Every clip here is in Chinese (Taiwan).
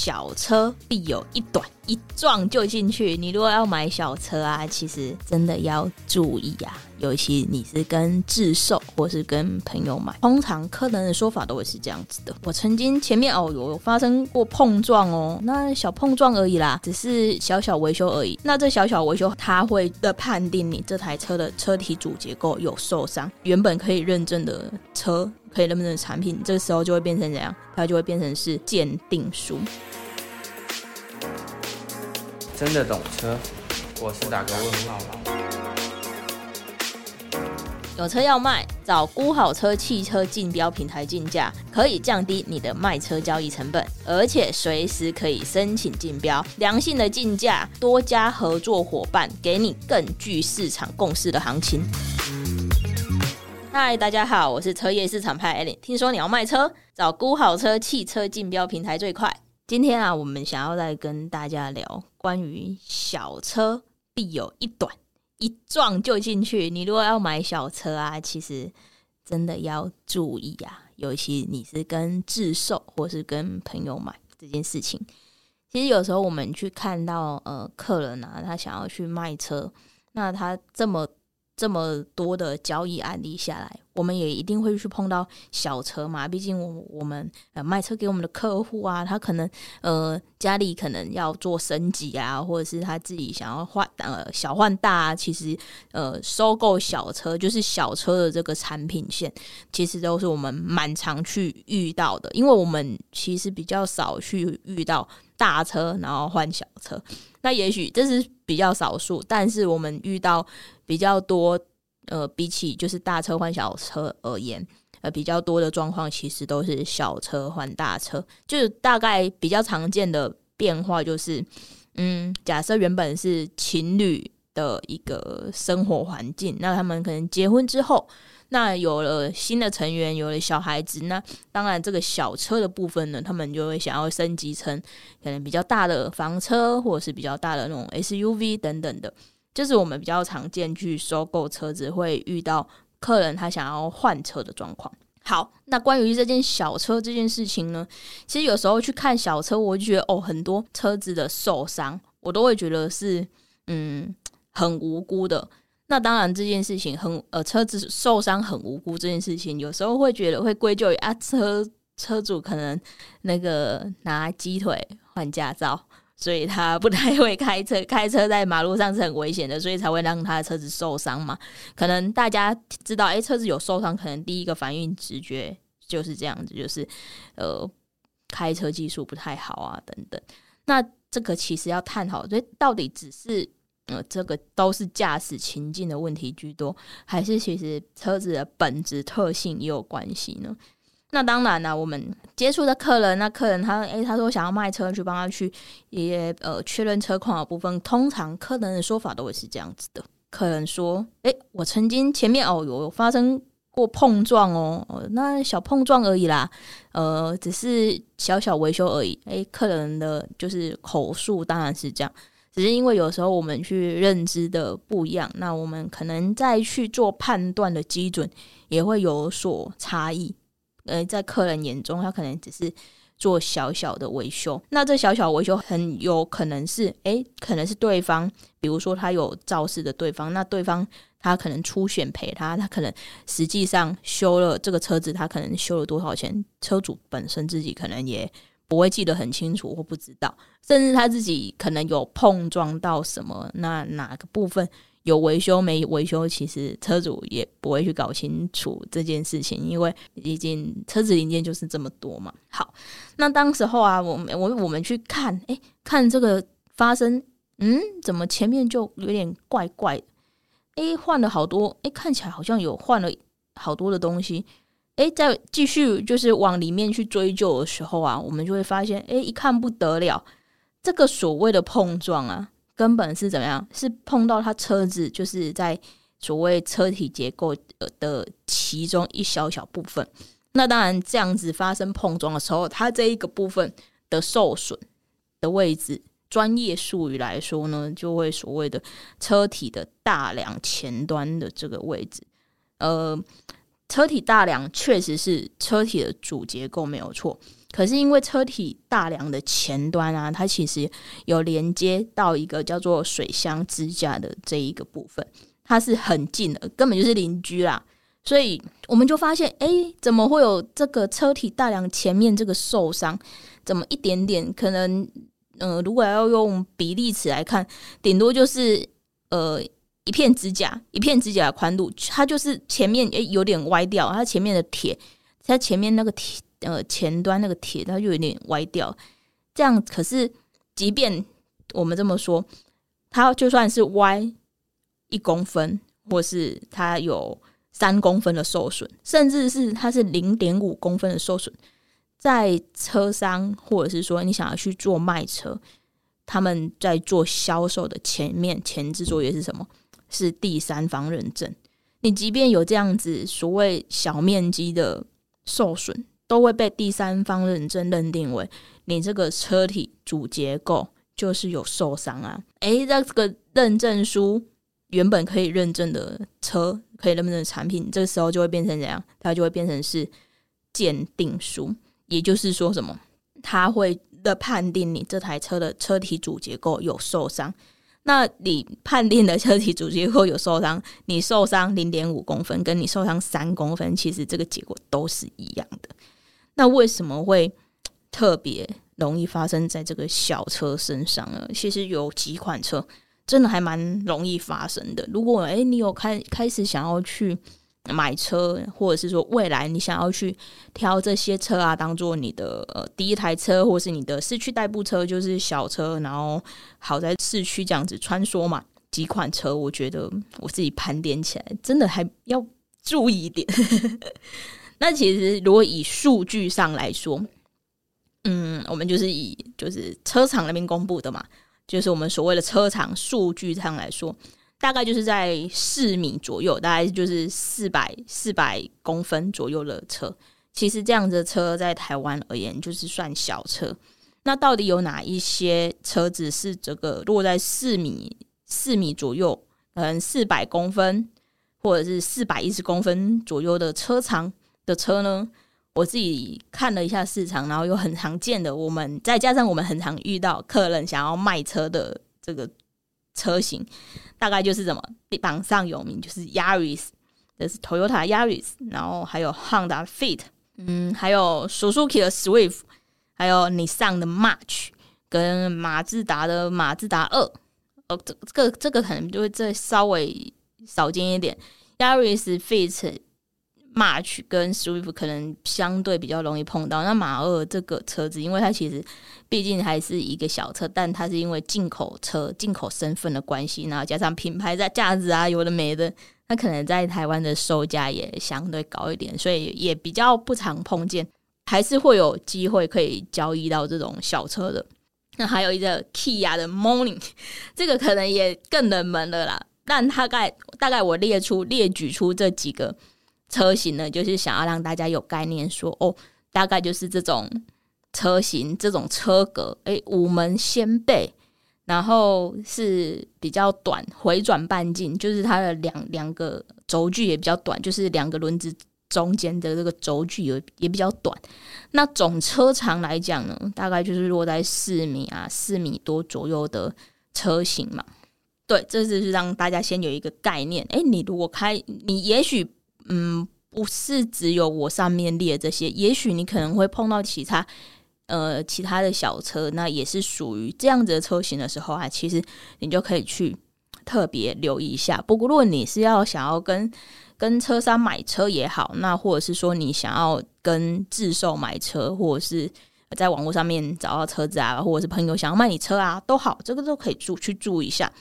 小車必有一短，一撞就進去。你如果要買小車啊，其實真的要注意啊，尤其你是跟自售或是跟朋友買，通常可能的說法都會是這樣子的。我曾經前面哦有發生過碰撞哦，那小碰撞而已啦，只是小小維修而已。那這小小維修，它會的判定你這台車的車體主結構有受傷，原本可以認證的車。可以認證產品，這個時候就會變成怎樣？它就會變成是鑑定書。真的懂車，我是大哥魏老闆。有車要賣，找估好車汽車競標平台競價，可以降低你的賣車交易成本，而且隨時可以申請競標，良性的競價，多家合作夥伴給你更具市場共識的行情。嗨，Hi, 大家好，我是車業市場派 Elin。聽說你要賣車，找估好車汽車競標平台最快。今天啊，我們想要來跟大家聊關於小車必有一短，一撞就進去。你如果要買小車啊，其實真的要注意啊，尤其你是跟自售或是跟朋友買這件事情。其實有時候我們去看到，呃，客人啊，他想要去賣車，那他這麼。這麼多的交易案例下來。我們也一定會去碰到小車嘛，畢竟我我們呃賣車給我們的客戶啊，他可能呃家裡可能要做升級啊，或者是他自己想要換呃小換大啊，其實呃收購小車就是小車的這個產品線，其實都是我們蠻常去遇到的，因為我們其實比較少去遇到大車然後換小車，那也許這是比較少數，但是我們遇到比較多。呃，比起就是大車換小車而言，呃，比較多的狀況其實都是小車換大車。就是大概比較常見的變化就是，嗯，假設原本是情侶的一個生活環境，那他們可能結婚之後，那有了新的成員，有了小孩子，那當然這個小車的部分呢，他們就會想要升級成可能比較大的房車，或者是比較大的那種 SUV 等等的。就是我們比較常見去收購車子，會遇到客人他想要換車的狀況。好，那關於這件小車這件事情呢，其實有時候去看小車，我就覺得哦，很多車子的受傷，我都會覺得是，嗯，很無辜的。那當然這件事情很，呃，車子受傷很無辜這件事情，有時候會覺得會歸咎於，啊，車車主可能那個拿雞腿換駕照。所以他不太會開車，開車在馬路上是很危險的，所以才會讓他的車子受傷嘛。可能大家知道，哎、欸，車子有受傷，可能第一個反應直覺就是這樣子，就是呃，開車技術不太好啊，等等。那這個其實要探討，所以到底只是呃，這個都是駕駛情境的問題居多，還是其實車子的本質特性也有關係呢？那當然啦、啊，我們接觸的客人，那客人他哎、欸，他說想要賣車，去幫他去，也，呃，確認車況的部分，通常客人的說法都會是這樣子的。客人說：“誒、欸，我曾經前面哦有發生過碰撞哦，哦，那小碰撞而已啦，呃，只是小小維修而已。欸”誒，客人的就是口述當然是這樣，只是因為有時候我們去認知的不一樣，那我們可能再去做判斷的基準也會有所差異。呃、欸，在客人眼中，他可能只是做小小的維修。那這小小維修很有可能是，誒、欸，可能是對方，比如說他有肇事的對方，那對方他可能出險賠他，他可能實際上修了這個車子，他可能修了多少錢，車主本身自己可能也不會記得很清楚或不知道，甚至他自己可能有碰撞到什麼，那哪個部分？有維修沒維修，其實車主也不會去搞清楚這件事情，因為畢竟車子零件就是這麼多嘛。好，那當時候啊，我們我我們去看，哎、欸，看這個發生，嗯，怎麼前面就有點怪怪的？哎、欸，換了好多，哎、欸，看起來好像有換了好多的東西。哎、欸，再繼續就是往裡面去追究的時候啊，我們就會發現，哎、欸，一看不得了，這個所謂的碰撞啊。根本是怎麼樣？是碰到他車子，就是在所謂車體結構的其中一小小部分。那當然，這樣子發生碰撞的時候，它這一個部分的受損的位置，專業術語來說呢，就會所謂的車體的大梁前端的這個位置。呃，車體大梁確實是車體的主結構，沒有錯。可是因為車體大梁的前端啊，它其實有連接到一個叫做水箱支架的這一個部分，它是很近的，根本就是鄰居啦。所以我們就發現，哎、欸，怎麼會有這個車體大梁前面這個受傷怎麼一點點？可能，呃，如果要用比例尺來看，頂多就是呃一片指甲，一片指甲的寬度，它就是前面誒，有點歪掉，它前面的鐵，它前面那個鐵。呃，前端那個鐵它就有點歪掉，這樣可是，即便我們這麼說，它就算是歪一公分，或是它有三公分的受損，甚至是它是零點五公分的受損，在車商或者是說你想要去做賣車，他們在做銷售的前面，前置作業是什麼？是第三方認證。你即便有這樣子所謂小面積的受損。都會被第三方認證認定為你這個車體主結構就是有受傷啊！誒，那這個認證書原本可以認證的車，可以認證的產品，這個時候就會變成怎樣？它就會變成是鑑定書，也就是說什麼？它會的判定你這台車的車體主結構有受傷。那你判定的車體主結構有受傷，你受傷零點五公分，跟你受傷三公分，其實這個結果都是一樣的。那為什麼會特別容易發生在這個小車身上呢？其實有幾款車真的還蠻容易發生的。如果誒、欸，你有開開始想要去買車，或者是說未來你想要去挑這些車啊，當做你的、呃、第一台車，或者是你的市區代步車，就是小車，然後好在市區這樣子穿梭嘛，幾款車我覺得我自己盤點起來，真的還要注意一點呵呵。那其實，如果以數據上來說，嗯，我們就是以就是車廠那邊公布的嘛，就是我們所謂的車廠數據上來說，大概就是在四米左右，大概就是四百四百公分左右的車。其實這樣的車在台灣而言，就是算小車。那到底有哪一些車子是這個落在四米四米左右，嗯，四百公分或者是四百一十公分左右的車長？的車呢？我自己看了一下市場，然後有很常見的，我們再加上我們很常遇到客人想要賣車的這個車型，大概就是什麼榜上有名，就是 Yaris，這是 Toyota Yaris，然後還有 Honda Fit，嗯，還有 Suzuki 的 Swift，還有 Nissan 的 March，跟馬自達的馬自達二，呃、哦，這這個這個可能就會再稍微少見一點，Yaris Fit。March 跟 Swift 可能相對比較容易碰到。那馬二這個車子，因為它其實畢竟還是一個小車，但它是因為進口車、進口身份的關係，然後加上品牌在價值啊，有的沒的，它可能在台灣的售價也相對高一點，所以也比較不常碰見，還是會有機會可以交易到這種小車的。那還有一個 Kia 的 Morning，這個可能也更冷門的啦。但大概大概我列出列舉出這幾個。車型呢，就是想要讓大家有概念說，說哦，大概就是這種車型，這種車格，哎、欸，五門掀背，然後是比較短迴轉半徑，就是它的兩兩個軸距也比較短，就是兩個輪子中間的這個軸距也也比較短。那總車長來講呢，大概就是落在四米啊，四米多左右的車型嘛。對，這就是讓大家先有一個概念。哎、欸，你如果開，你也許。嗯，不是只有我上面列這些，也許你可能會碰到其他，呃，其他的小車，那也是屬於這樣子的車型的時候啊。其實你就可以去特別留意一下。不過，如果你是要想要跟跟車商買車也好，那或者是說你想要跟自售買車，或者是在網絡上面找到車子啊，或者是朋友想要賣你車啊，都好，這個都可以注去注意一下。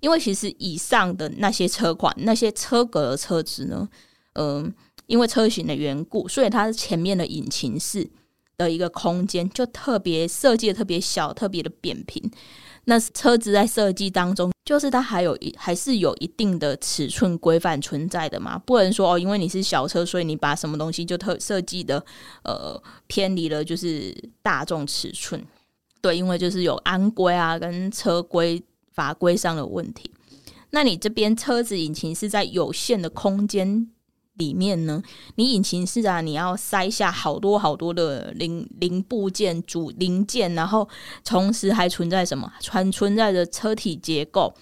因為其實以上的那些車款、那些車格的車子呢，嗯、呃，因為車型的緣故，所以它前面的引擎室的一個空間就特別設計的特別小，特別的扁平。那車子在設計當中，就是它還有一還是有一定的尺寸規範存在的嘛。不能說哦，因為你是小車，所以你把什麼東西就特設計的呃偏離了，就是大眾尺寸。對，因為就是有安規啊跟車規法規上的問題。那你這邊車子引擎是在有限的空間。裡面呢，你引擎室啊，你要塞下好多好多的零零部件，主零件，然後同時還存在什麼？存存在著車體結構，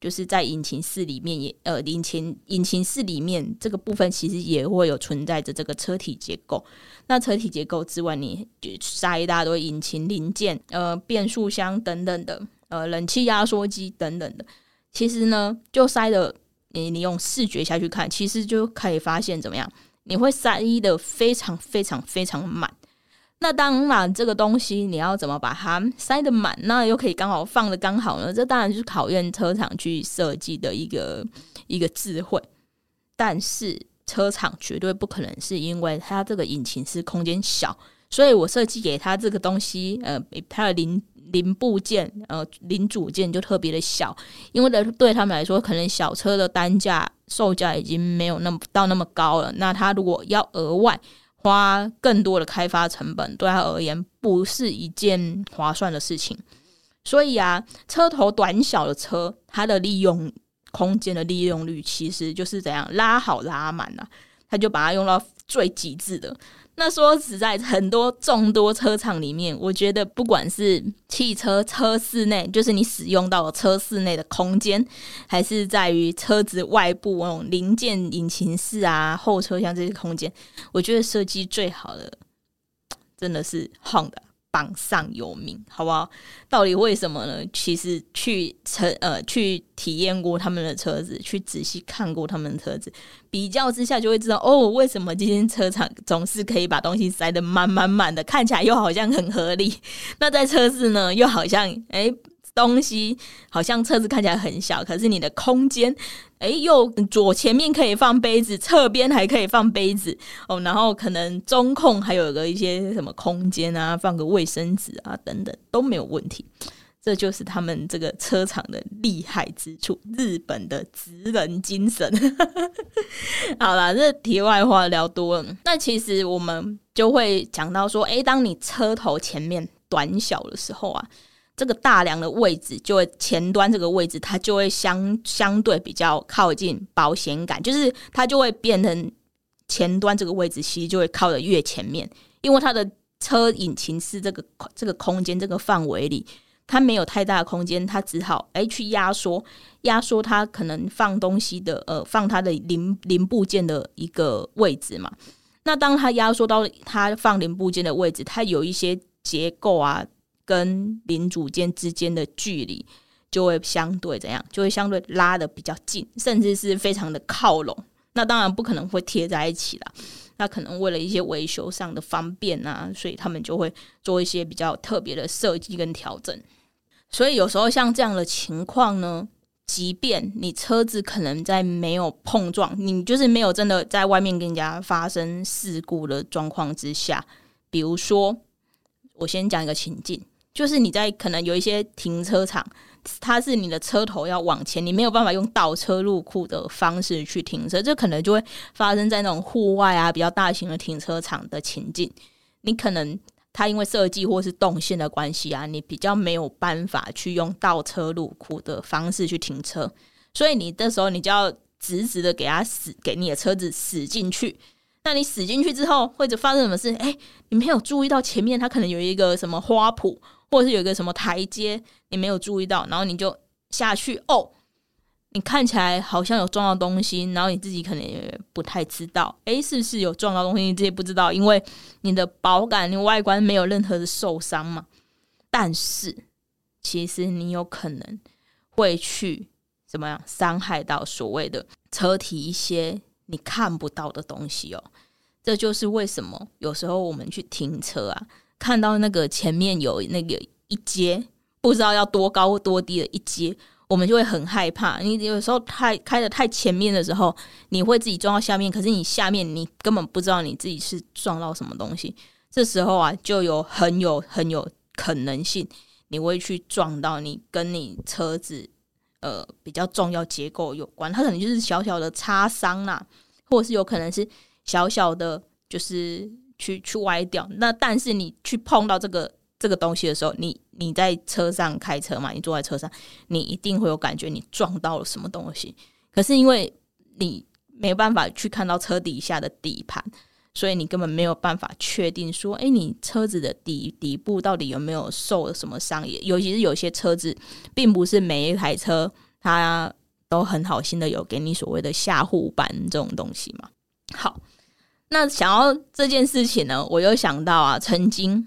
就是在引擎室裡面也呃，引擎引擎室裡面這個部分其實也會有存在着這個車體結構。那車體結構之外你，就塞一大堆引擎零件，呃變速箱等等的，呃冷氣壓縮機等等的，其實呢，就塞的。你你用視覺下去看，其實就可以發現怎麼樣？你會塞得非常非常非常滿。那當然，這個東西你要怎麼把它塞得滿，那又可以剛好放得剛好呢？這當然就是考驗車廠去設計的一個一個智慧。但是車廠絕對不可能是因為它這個引擎室空間小，所以我設計給他這個東西，呃，它的零。零部件，呃，零組件就特別的小，因為對他們來說，可能小車的單價售價已經沒有那麼到那麼高了。那他如果要額外花更多的開發成本，對他而言不是一件划算的事情。所以啊，車頭短小的車，它的利用空間的利用率其實就是怎樣拉好拉滿了啊，他就把它用到最極致的。那說實在，很多眾多車廠裡面，我覺得不管是汽車車室內，就是你使用到的車室內的空間，還是在於車子外部那種零件、引擎室啊、後車廂這些空間，我覺得設計最好的，真的是 Honda。榜上有名，好不好？到底為什麼呢？其實去車呃去體驗過他們的車子，去仔細看過他們的車子，比較之下就會知道哦，為什麼今天車廠總是可以把東西塞得滿滿滿的，看起來又好像很合理。那在車子呢，又好像哎。欸東西好像車子看起來很小，可是你的空間，哎、欸，右左前面可以放杯子，側邊還可以放杯子哦，然後可能中控還有個一些什麼空間啊，放個衛生紙啊等等都沒有問題。這就是他們這個車廠的厲害之處，日本的職人精神。 好啦，這個、題外話聊多了，那其實我們就會講到說，哎、欸，當你車頭前面短小的時候啊。這個大梁的位置就會前端這個位置，它就會相相對比較靠近保險桿，就是它就會變成前端這個位置，其實就會靠得越前面，因為它的車引擎室這個這個空間這個範圍裡，它沒有太大的空間，它只好誒去壓縮壓縮它可能放東西的呃放它的零零部件的一個位置嘛。那當它壓縮到它放零部件的位置，它有一些結構啊。跟領主間之間的距離就會相對怎樣？就會相對拉得比較近，甚至是非常的靠攏。那當然不可能會貼在一起啦，那可能為了一些維修上的方便啊，所以他們就會做一些比較特別的設計跟調整。所以有時候像這樣的情況呢，即便你車子可能在沒有碰撞，你就是沒有真的在外面跟人家發生事故的狀況之下，比如說，我先講一個情境。就是你在可能有一些停車場，它是你的車頭要往前，你沒有辦法用倒車入庫的方式去停車，這可能就會發生在那種戶外啊，比較大型的停車場的情境。你可能它因為設計或是動線的關係啊，你比較沒有辦法去用倒車入庫的方式去停車，所以你這時候你就要直直的給它駛，給你的車子駛進去。那你駛進去之後，或者發生什麼事？哎、欸，你沒有注意到前面，它可能有一個什麼花圃，或者是有一個什麼台階，你沒有注意到，然後你就下去。哦，你看起來好像有撞到東西，然後你自己可能也不太知道，哎、欸，是不是有撞到東西？你自己不知道，因為你的保桿、你外觀沒有任何的受傷嘛。但是，其實你有可能會去怎麼樣傷害到所謂的車體一些。你看不到的東西哦，這就是為什麼有時候我們去停車啊，看到那個前面有那個一階，不知道要多高或多低的一階，我們就會很害怕。你有時候太開的太前面的時候，你會自己撞到下面，可是你下面你根本不知道你自己是撞到什麼東西。這時候啊，就有很有很有可能性，你會去撞到你跟你車子。呃，比較重要結構有關，它可能就是小小的擦傷啦、啊，或者是有可能是小小的，就是去去歪掉。那但是你去碰到這個這個東西的時候，你你在車上開車嘛，你坐在車上，你一定會有感覺你撞到了什麼東西。可是因為你沒辦法去看到車底下的底盤。所以你根本沒有辦法確定說，哎、欸，你車子的底底部到底有沒有受了什麼傷？也尤其是有些車子，並不是每一台車它都很好心的有給你所謂的下護板這種東西嘛。好，那想要這件事情呢，我又想到啊，曾經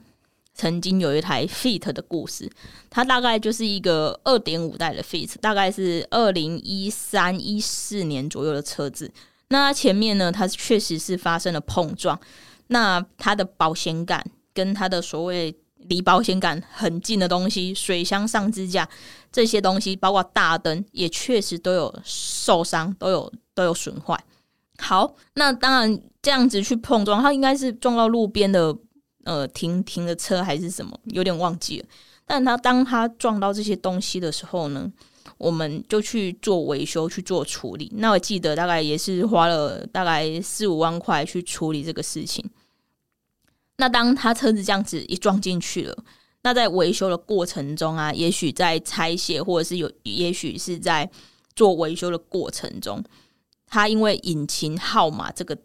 曾經有一台 Fit 的故事，它大概就是一個二點五代的 Fit，大概是二零一三一四年左右的車子。那它前面呢，它確實是發生了碰撞。那它的保險桿跟它的所謂離保險桿很近的東西，水箱上支架這些東西，包括大燈，也確實都有受傷，都有都有損壞。好，那當然這樣子去碰撞，它應該是撞到路邊的呃停停的車還是什麼，有點忘記了。但它當它撞到這些東西的時候呢，我們就去做維修去做處理，那我記得大概也是花了大概四五萬塊去處理這個事情。那當他車子這樣子一撞進去了，那在維修的過程中啊，也許在拆卸或者是有，也許是在做維修的過程中，他因為引擎號碼這個，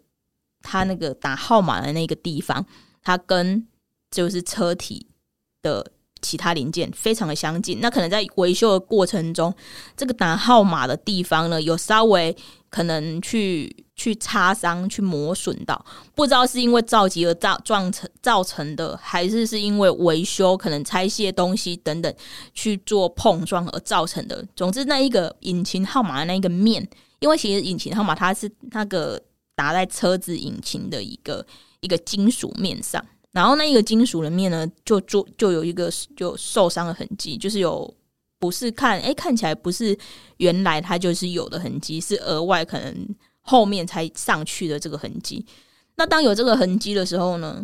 他那個打號碼的那個地方，他跟就是車體的。其他零件非常的相近，那可能在維修的過程中，這個打號碼的地方呢，有稍微可能去去擦傷、去磨損到，不知道是因為撞擊而造撞成造成的，還是是因為維修可能拆卸東西等等去做碰撞而造成的。總之，那一個引擎號碼的那個面，因為其實引擎號碼它是那個打在車子引擎的一個一個金屬面上。然後那一個金屬的面呢，就做就有一個就受傷的痕跡，就是有不是看誒，看起來不是原來它就是有的痕跡，是額外可能後面才上去的這個痕跡。那當有這個痕跡的時候呢，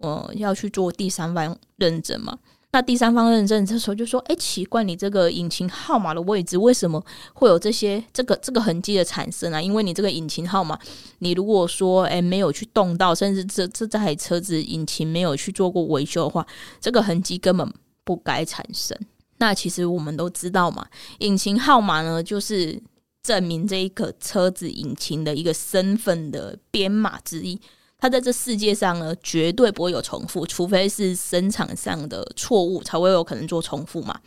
我要去做第三方認證嘛。那第三方認證這時候就說：“哎、欸，奇怪，你這個引擎號碼的位置為什麼會有這些這個這個痕跡的產生啊？因為你這個引擎號碼，你如果說哎、欸，沒有去動到，甚至這這這台車子引擎沒有去做過維修的話，這個痕跡根本不該產生。那其實我們都知道嘛，引擎號碼呢，就是證明這一個車子引擎的一個身份的編碼之一。”他在這世界上呢，絕對不會有重複，除非是生產上的錯誤才會有可能做重複嘛。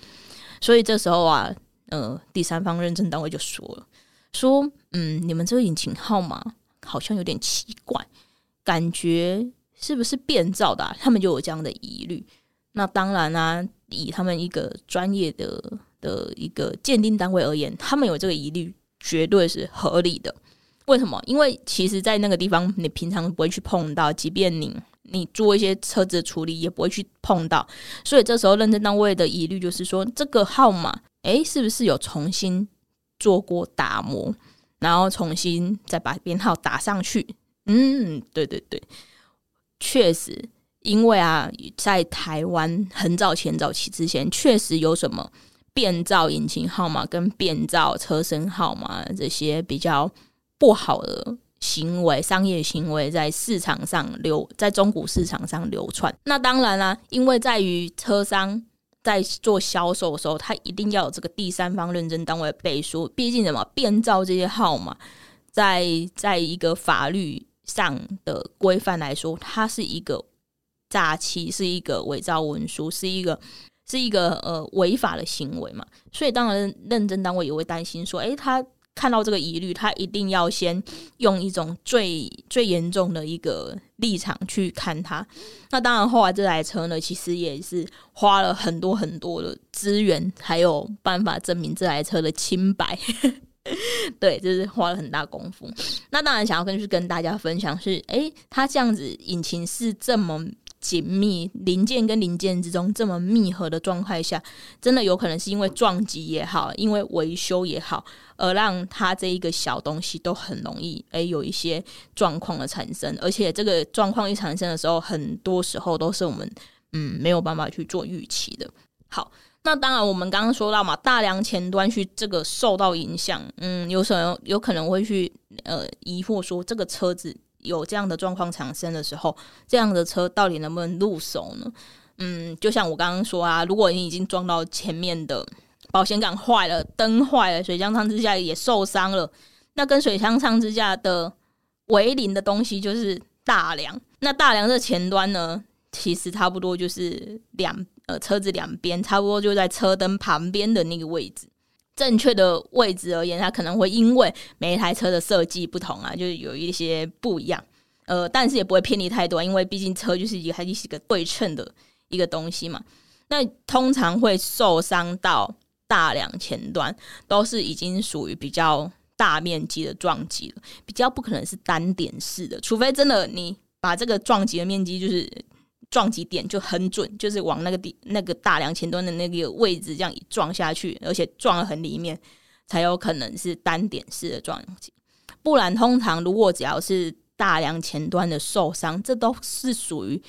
所以這時候啊，呃，第三方認證單位就說了：“說，嗯，你們這個引擎號碼好像有點奇怪，感覺是不是變造的啊？”他們就有這樣的疑慮。那當然啊，以他們一個專業的的一個鑑定單位而言，他們有這個疑慮，絕對是合理的。為什麼？因為其實，在那個地方，你平常不會去碰到，即便你你做一些車子的處理，也不會去碰到。所以這時候認證單位的疑慮就是說，這個號碼誒、欸，是不是有重新做過打磨，然後重新再把編號打上去？嗯，對對對，確實，因為啊，在台灣很早前早期之前，確實有什麼變造引擎號碼跟變造車身號碼這些比較。不好的行為，商業行為在市場上流，在中古市場上流竄。那當然啦，因為在於車商在做銷售的時候，他一定要有這個第三方認證單位背書。畢竟什麼變造這些號碼，在在一個法律上的規範來說，它是一個詐欺，是一個偽造文書，是一個是一個呃違法的行為嘛。所以當然認，認證單位也會擔心說，欸，他。看到這個疑慮，他一定要先用一種最最嚴重的一個立場去看它。那當然，後來這台車呢，其實也是花了很多很多的資源，還有辦法證明這台車的清白。 對，就是花了很大功夫。那當然，想要跟去跟大家分享是，哎、欸，它這樣子引擎是這麼。緊密零件跟零件之中這麼密合的狀態下，真的有可能是因為撞擊也好，因為維修也好，而讓它這一個小東西都很容易誒、欸，有一些狀況的產生。而且這個狀況一產生的時候，很多時候都是我們嗯沒有辦法去做預期的。好，那當然我們剛剛說到嘛，大梁前端去這個受到影響，嗯，有時候有,有可能會去呃疑惑說這個車子。有這樣的狀況產生的時候，這樣的車到底能不能入手呢？嗯，就像我剛剛說啊，如果你已經撞到前面的保險桿壞了、燈壞了、水箱上支架也受傷了，那跟水箱上支架的為鄰的東西就是大樑。那大樑的前端呢，其實差不多就是兩呃車子兩邊差不多就在車燈旁邊的那個位置。正確的位置而言，它可能會因為每一台車的設計不同啊，就是有一些不一樣，呃，但是也不會偏離太多，因為畢竟車就是一個它就是一個對稱的一個東西嘛。那通常會受傷到大梁前端，都是已經屬於比較大面積的撞擊了，比較不可能是單點式的，除非真的你把這個撞擊的面積就是。撞擊點就很準，就是往那個地那個大梁前端的那個位置這樣一撞下去，而且撞得很裡面，才有可能是單點式的撞擊。不然，通常如果只要是大梁前端的受傷，這都是屬於。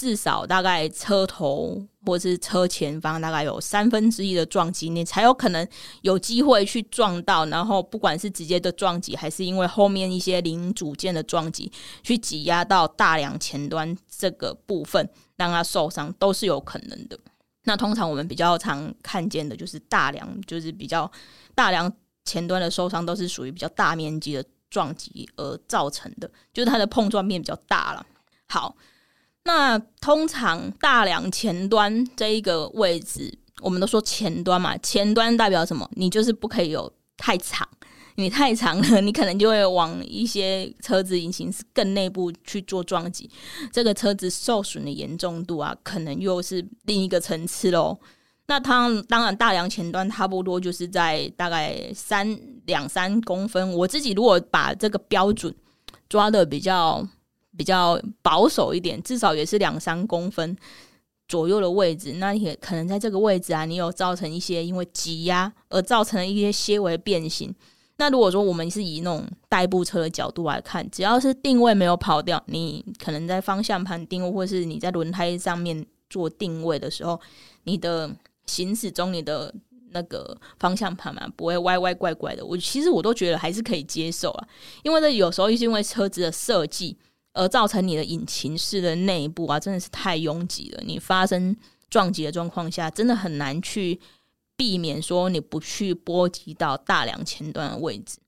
至少大概車頭或是車前方大概有三分之一的撞擊，你才有可能有機會去撞到。然後不管是直接的撞擊，還是因為後面一些零組件的撞擊，去擠壓到大梁前端這個部分，讓它受傷都是有可能的。那通常我們比較常看見的就是大梁，就是比較大梁前端的受傷都是屬於比較大面積的撞擊而造成的，就是它的碰撞面比較大了。好。那通常大梁前端這一個位置，我們都說前端嘛，前端代表什麼？你就是不可以有太長，你太長了，你可能就會往一些車子引擎更內部去做撞擊，這個車子受損的嚴重度啊，可能又是另一個層次嘍。那它當然大梁前端差不多就是在大概三兩三公分，我自己如果把這個標準抓的比較。比較保守一點，至少也是兩三公分左右的位置。那也可能在這個位置啊，你有造成一些因為擠壓而造成的一些些微變形。那如果說我們是以那種代步車的角度來看，只要是定位沒有跑掉，你可能在方向盤定位或是你在輪胎上面做定位的時候，你的行駛中你的那個方向盤嘛、啊、不會歪歪怪怪的。我其實我都覺得還是可以接受啊，因為這有時候是因為車子的設計。而造成你的引擎室的內部啊，真的是太擁擠了。你發生撞擊的狀況下，真的很難去避免說你不去波及到大梁前端的位置。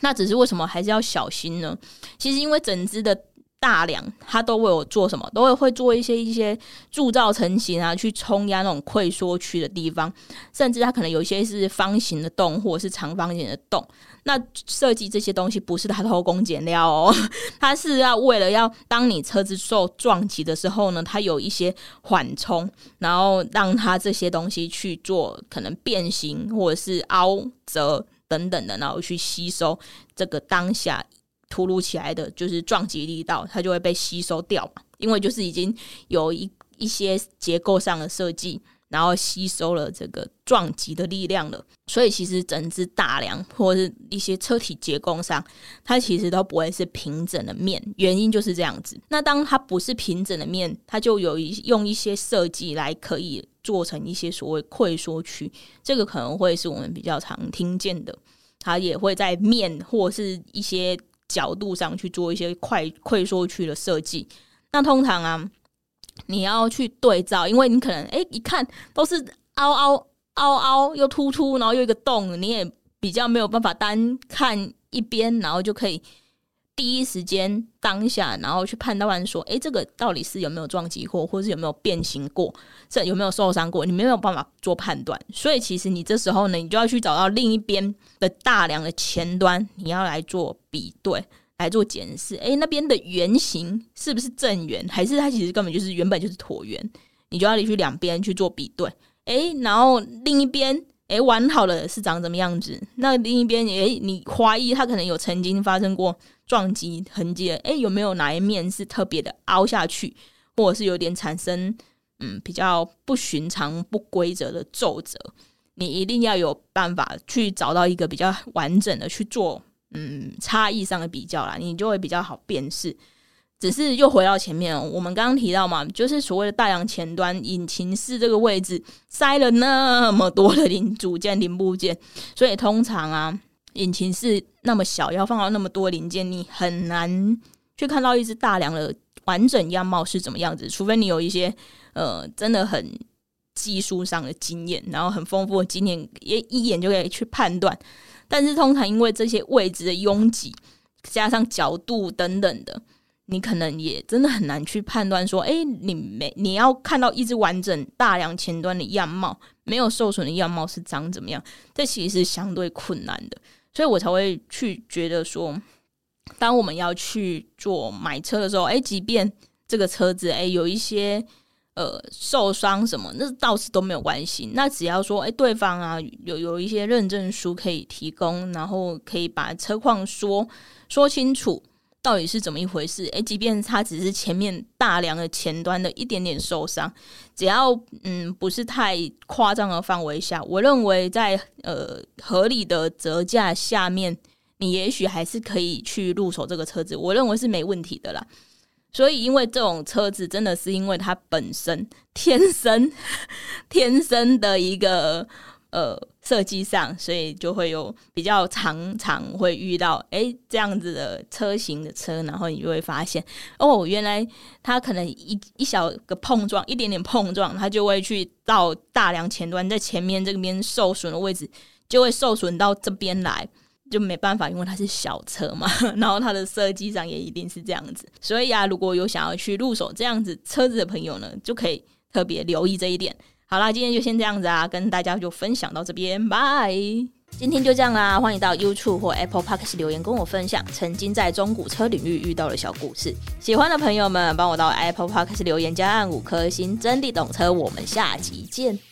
那只是為什麼還是要小心呢？其實因為整支的大梁，它都為我做什麼？都會會做一些一些鑄造成型啊，去衝壓那種潰縮區的地方，甚至它可能有一些是方形的洞，或者是長方形的洞。那設計這些東西不是它偷工減料哦，它 是要、啊、為了要當你車子受撞擊的時候呢，它有一些緩衝，然後讓它這些東西去做可能變形或者是凹折等等的，然後去吸收這個當下。突如其來的就是撞擊力道，它就會被吸收掉嘛，因為就是已經有一一些結構上的設計，然後吸收了這個撞擊的力量了。所以其實整支大梁或者一些車體結構上，它其實都不會是平整的面，原因就是這樣子。那當它不是平整的面，它就有一用一些設計來可以做成一些所謂潰縮區，這個可能會是我們比較常聽見的。它也會在面或是一些。角度上去做一些快潰縮區的設計，那通常啊，你要去對照，因為你可能哎、欸、一看都是凹凹凹凹，又凸凸，然後又一個洞，你也比較沒有辦法單看一邊，然後就可以。第一時間當下，然後去判斷說，欸，這個到底是有沒有撞擊過，或者是有沒有變形過，這有沒有受傷過？你沒有辦法做判斷，所以其實你這時候呢，你就要去找到另一邊的大梁的前端，你要來做比對，來做檢視。欸，那邊的圓形是不是正圓，還是它其實根本就是原本就是橢圓？你就要去兩邊去做比對。欸，然後另一邊。哎，完好的是長什麼樣子？那另一邊，哎，你懷疑它可能有曾經發生過撞擊痕跡？哎，有沒有哪一面是特別的凹下去，或者是有點產生嗯比較不尋常、不規則的皺褶？你一定要有辦法去找到一個比較完整的去做嗯差異上的比較啦，你就會比較好辨識。只是又回到前面，我們剛剛提到嘛，就是所謂的大梁前端引擎室這個位置塞了那麼多的零組件、零部件，所以通常啊，引擎室那麼小，要放到那麼多零件，你很難去看到一只大梁的完整樣貌是怎麼樣子。除非你有一些呃，真的很技術上的經驗，然後很豐富的經驗，一一眼就可以去判斷。但是通常因為這些位置的擁擠，加上角度等等的。你可能也真的很難去判斷說，哎、欸，你沒你要看到一只完整大梁前端的樣貌，沒有受損的樣貌是長怎麼樣？這其實是相對困難的，所以我才會去覺得說，當我們要去做買車的時候，哎、欸，即便這個車子哎、欸、有一些呃受傷什麼，那倒是都沒有關係。那只要說，哎、欸，對方啊有有一些認證書可以提供，然後可以把車況說說清楚。到底是怎麼一回事？誒，即便它只是前面大梁的前端的一點點受傷，只要嗯不是太誇張的範圍下，我認為在呃合理的折價下面，你也許還是可以去入手這個車子，我認為是沒問題的啦。所以，因為這種車子真的是因為它本身天生天生的一個。呃，設計上，所以就會有比較常常會遇到哎、欸、這樣子的車型的車，然後你就會發現哦，原來它可能一一小個碰撞，一點點碰撞，它就會去到大梁前端，在前面這邊受損的位置，就會受損到這邊來，就沒辦法，因為它是小車嘛，然後它的設計上也一定是這樣子，所以啊，如果有想要去入手這樣子車子的朋友呢，就可以特別留意這一點。好啦，今天就先這樣子啊，跟大家就分享到這邊，拜。今天就這樣啦，歡迎到 YouTube 或 Apple Podcast 留言跟我分享曾經在中古車領域遇到的小故事。喜歡的朋友們，幫我到 Apple Podcast 留言加按五顆星，真滴懂車。我們下集見。